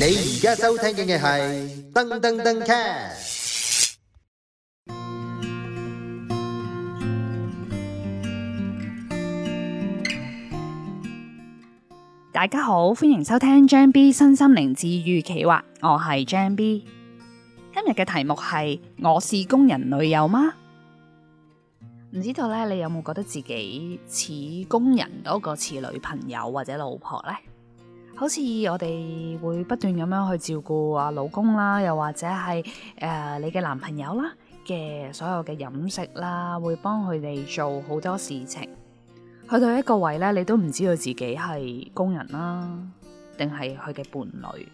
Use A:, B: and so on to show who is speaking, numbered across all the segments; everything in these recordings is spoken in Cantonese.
A: 你而家收聽嘅係噔噔噔 cast。大家好，歡迎收聽張 B 身心靈治癒企劃，我係張 B。今日嘅題目係我是工人女友嗎？唔知道咧，你有冇覺得自己似工人多過似女朋友或者老婆咧？好似我哋會不斷咁樣去照顧啊老公啦，又或者係誒你嘅男朋友啦嘅所有嘅飲食啦，會幫佢哋做好多事情。去到一個位咧，你都唔知道自己係工人啦，定係佢嘅伴侶。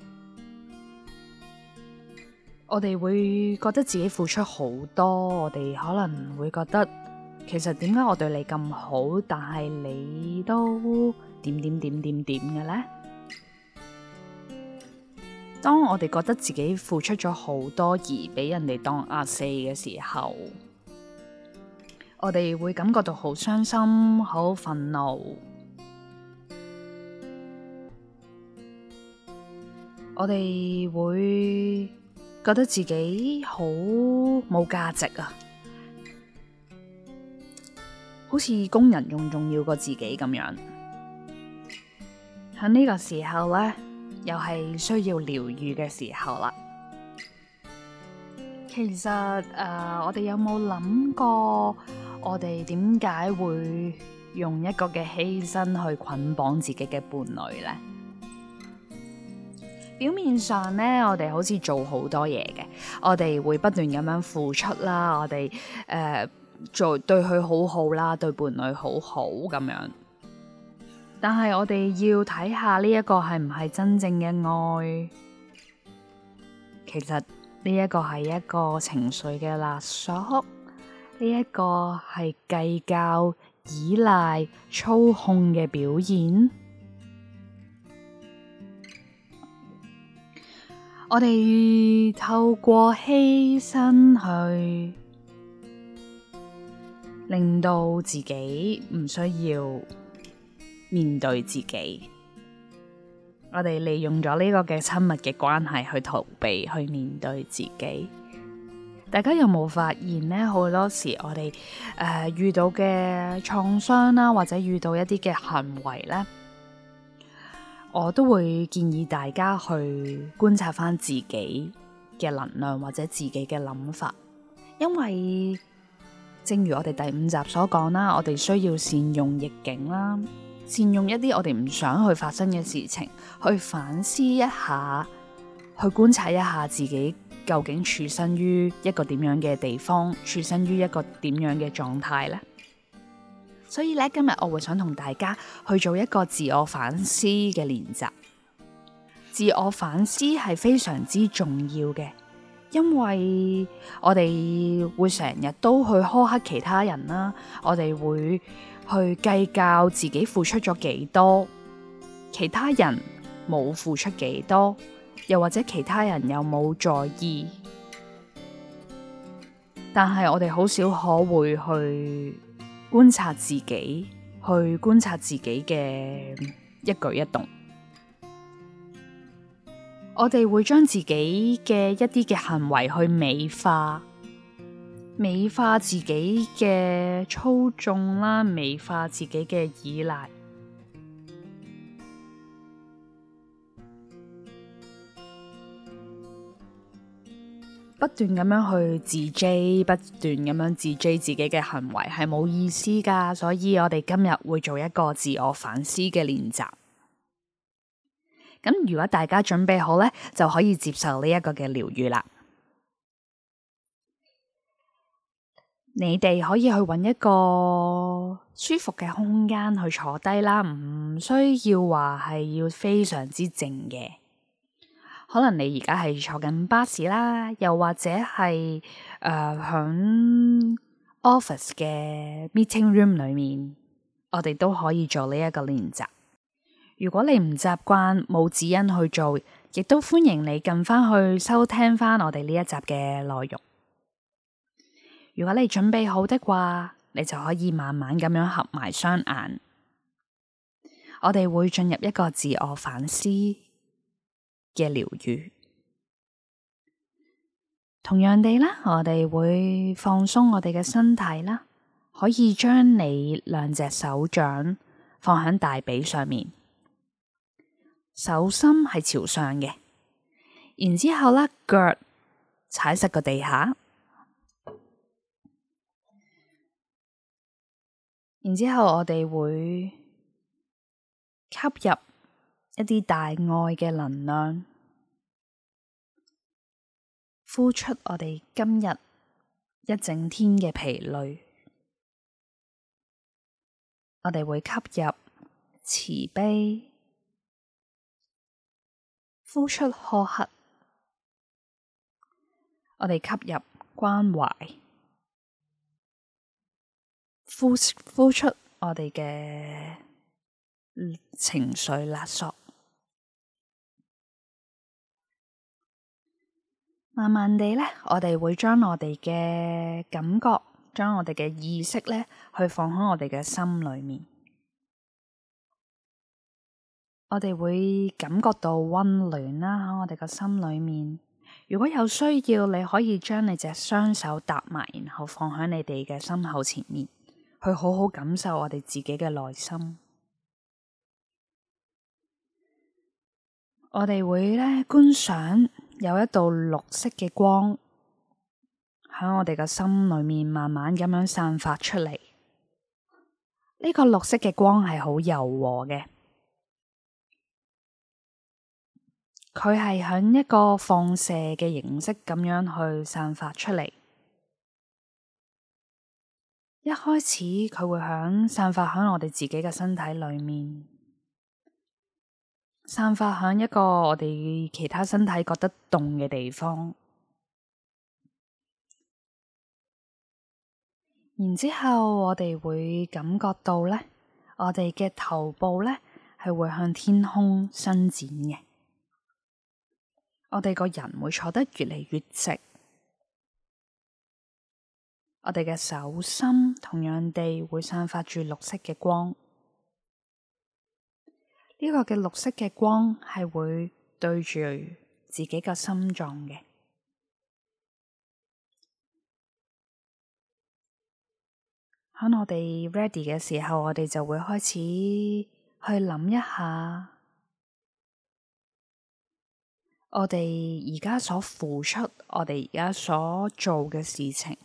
A: 我哋會覺得自己付出好多，我哋可能會覺得其實點解我對你咁好，但係你都點點點點點嘅咧？當我哋覺得自己付出咗好多而俾人哋當阿四嘅時候，我哋會感覺到好傷心、好憤怒，我哋會覺得自己好冇價值啊，好似工人仲重要過自己咁樣。喺呢個時候咧。又係需要療癒嘅時候啦。其實誒、呃，我哋有冇諗過，我哋點解會用一個嘅犧牲去捆綁自己嘅伴侶呢？表面上呢，我哋好似做好多嘢嘅，我哋會不斷咁樣付出啦，我哋誒、呃、做對佢好好啦，對伴侶好好咁樣。但係我哋要睇下呢一個係唔係真正嘅愛？其實呢一個係一個情緒嘅勒索，呢一個係計較、依賴、操控嘅表現。我哋透過犧牲去令到自己唔需要。面對自己，我哋利用咗呢個嘅親密嘅關係去逃避，去面對自己。大家有冇發現呢？好多時我哋誒、呃、遇到嘅創傷啦、啊，或者遇到一啲嘅行為呢，我都會建議大家去觀察返自己嘅能量或者自己嘅諗法，因為正如我哋第五集所講啦，我哋需要善用逆境啦。善用一啲我哋唔想去發生嘅事情，去反思一下，去觀察一下自己究竟處身於一個點樣嘅地方，處身於一個點樣嘅狀態咧。所以咧，今日我會想同大家去做一個自我反思嘅練習。自我反思係非常之重要嘅。因為我哋會成日都去苛刻其他人啦，我哋會去計較自己付出咗幾多，其他人冇付出幾多，又或者其他人又冇在意，但係我哋好少可會去觀察自己，去觀察自己嘅一舉一動。我哋會將自己嘅一啲嘅行為去美化，美化自己嘅操縱啦，美化自己嘅依賴， 不斷咁樣去自 J，不斷咁樣自 J 自己嘅行為係冇意思㗎，所以我哋今日會做一個自我反思嘅練習。咁如果大家準備好呢，就可以接受呢一個嘅療愈啦。你哋可以去揾一個舒服嘅空間去坐低啦，唔需要話係要非常之靜嘅。可能你而家係坐緊巴士啦，又或者係誒響、呃、office 嘅 meeting room 裏面，我哋都可以做呢一個練習。如果你唔習慣冇指引去做，亦都歡迎你近翻去收聽翻我哋呢一集嘅內容。如果你準備好的話，你就可以慢慢咁樣合埋雙眼，我哋會進入一個自我反思嘅療愈。同樣地啦，我哋會放鬆我哋嘅身體啦，可以將你兩隻手掌放喺大髀上面。手心係朝上嘅，然之後啦，腳踩實個地下，然之後我哋會吸入一啲大愛嘅能量，呼出我哋今日一整天嘅疲累，我哋會吸入慈悲。呼出苛刻，我哋吸入關懷，呼出我哋嘅情緒勒索，慢慢地咧，我哋會將我哋嘅感覺，將我哋嘅意識咧，去放喺我哋嘅心裏面。我哋會感覺到溫暖啦，喺我哋個心裏面。如果有需要，你可以將你隻雙手搭埋，然後放喺你哋嘅心口前面，去好好感受我哋自己嘅內心。我哋會呢觀賞有一道綠色嘅光，喺我哋嘅心裏面慢慢咁樣散發出嚟。呢、這個綠色嘅光係好柔和嘅。佢係響一個放射嘅形式咁樣去散發出嚟。一開始佢會響散發響我哋自己嘅身體裏面，散發響一個我哋其他身體覺得凍嘅地方。然之後我哋會感覺到咧，我哋嘅頭部咧係會向天空伸展嘅。我哋個人會坐得越嚟越直，我哋嘅手心同樣地會散發住綠色嘅光。呢個嘅綠色嘅光係會對住自己個心臟嘅。喺我哋 ready 嘅時候，我哋就會開始去諗一下。我哋而家所付出，我哋而家所做嘅事情，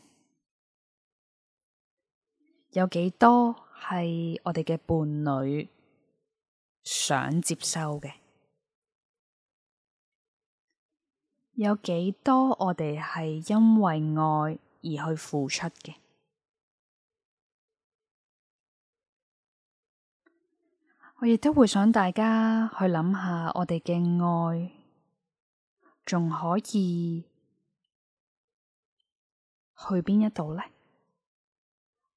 A: 有幾多係我哋嘅伴侶想接收嘅？有幾多我哋係因為愛而去付出嘅？我亦都會想大家去諗下我哋嘅愛。仲可以去邊一度呢？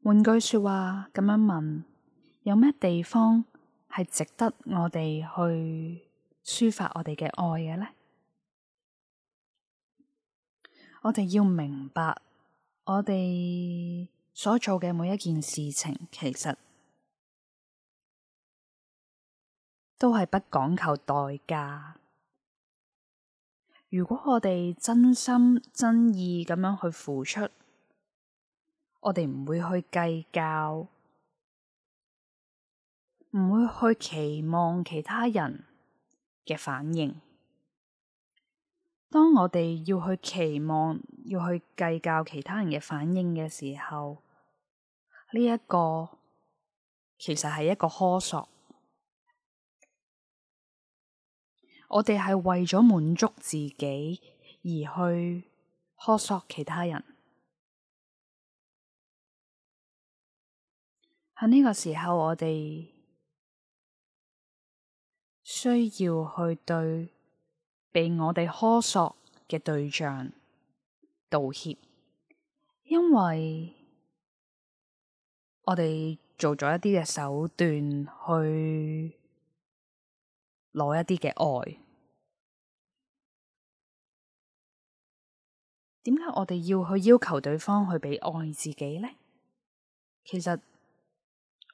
A: 換句說話咁樣問，有咩地方係值得我哋去抒發我哋嘅愛嘅呢？我哋要明白，我哋所做嘅每一件事情，其實都係不講求代價。如果我哋真心真意咁樣去付出，我哋唔會去計較，唔會去期望其他人嘅反應。當我哋要去期望、要去計較其他人嘅反應嘅時候，呢、這、一個其實係一個苛索。我哋係為咗滿足自己而去苛索其他人。喺呢個時候，我哋需要去對被我哋苛索嘅對象道歉，因為我哋做咗一啲嘅手段去攞一啲嘅愛。點解我哋要去要求對方去俾愛自己呢？其實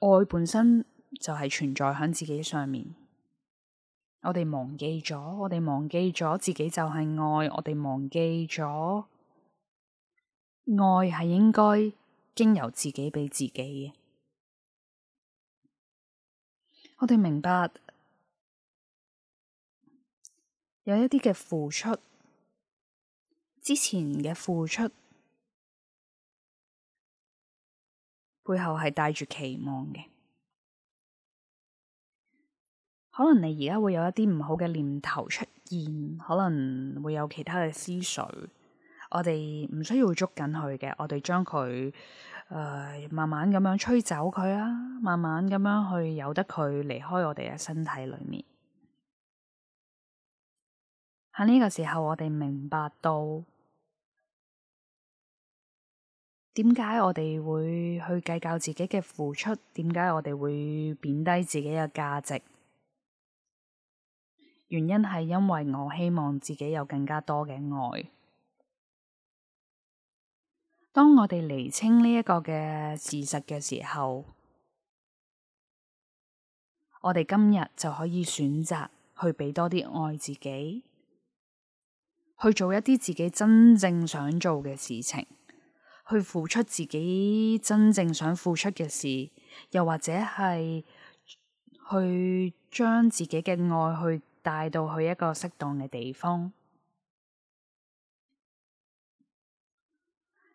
A: 愛本身就係存在喺自己上面，我哋忘記咗，我哋忘記咗自己就係愛，我哋忘記咗愛係應該經由自己俾自己嘅。我哋明白有一啲嘅付出。之前嘅付出背後係帶住期望嘅，可能你而家會有一啲唔好嘅念頭出現，可能會有其他嘅思緒。我哋唔需要捉緊佢嘅，我哋將佢誒慢慢咁樣吹走佢啊，慢慢咁樣去由得佢離開我哋嘅身體裏面。喺呢個時候，我哋明白到。點解我哋會去計較自己嘅付出？點解我哋會貶低自己嘅價值？原因係因為我希望自己有更加多嘅愛。當我哋釐清呢一個嘅事實嘅時候，我哋今日就可以選擇去俾多啲愛自己，去做一啲自己真正想做嘅事情。去付出自己真正想付出嘅事，又或者係去將自己嘅愛去帶到去一個適當嘅地方。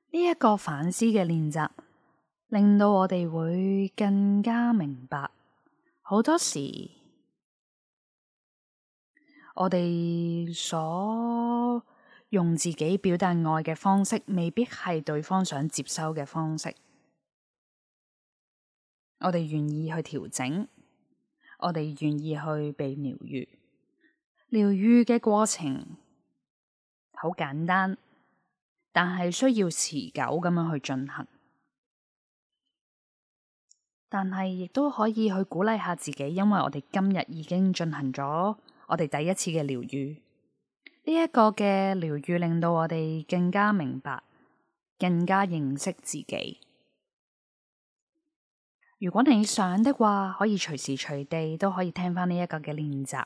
A: 呢一個反思嘅練習，令到我哋會更加明白，好多時我哋所。用自己表達愛嘅方式，未必係對方想接收嘅方式。我哋願意去調整，我哋願意去被療愈。療愈嘅過程好簡單，但係需要持久咁樣去進行。但係亦都可以去鼓勵下自己，因為我哋今日已經進行咗我哋第一次嘅療愈。呢一個嘅療愈令到我哋更加明白、更加認識自己。如果你想的話，可以隨時隨地都可以聽翻呢一個嘅練習。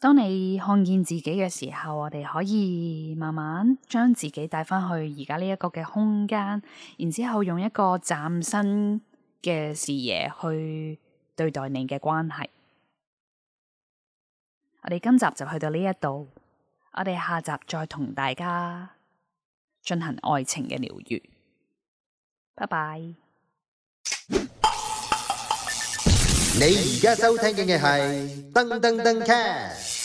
A: 當你看見自己嘅時候，我哋可以慢慢將自己帶翻去而家呢一個嘅空間，然之後用一個嶄新嘅視野去。對待你嘅關係，我哋今集就去到呢一度，我哋下集再同大家進行愛情嘅療癒。拜拜。你而家收聽緊嘅係噔噔噔 c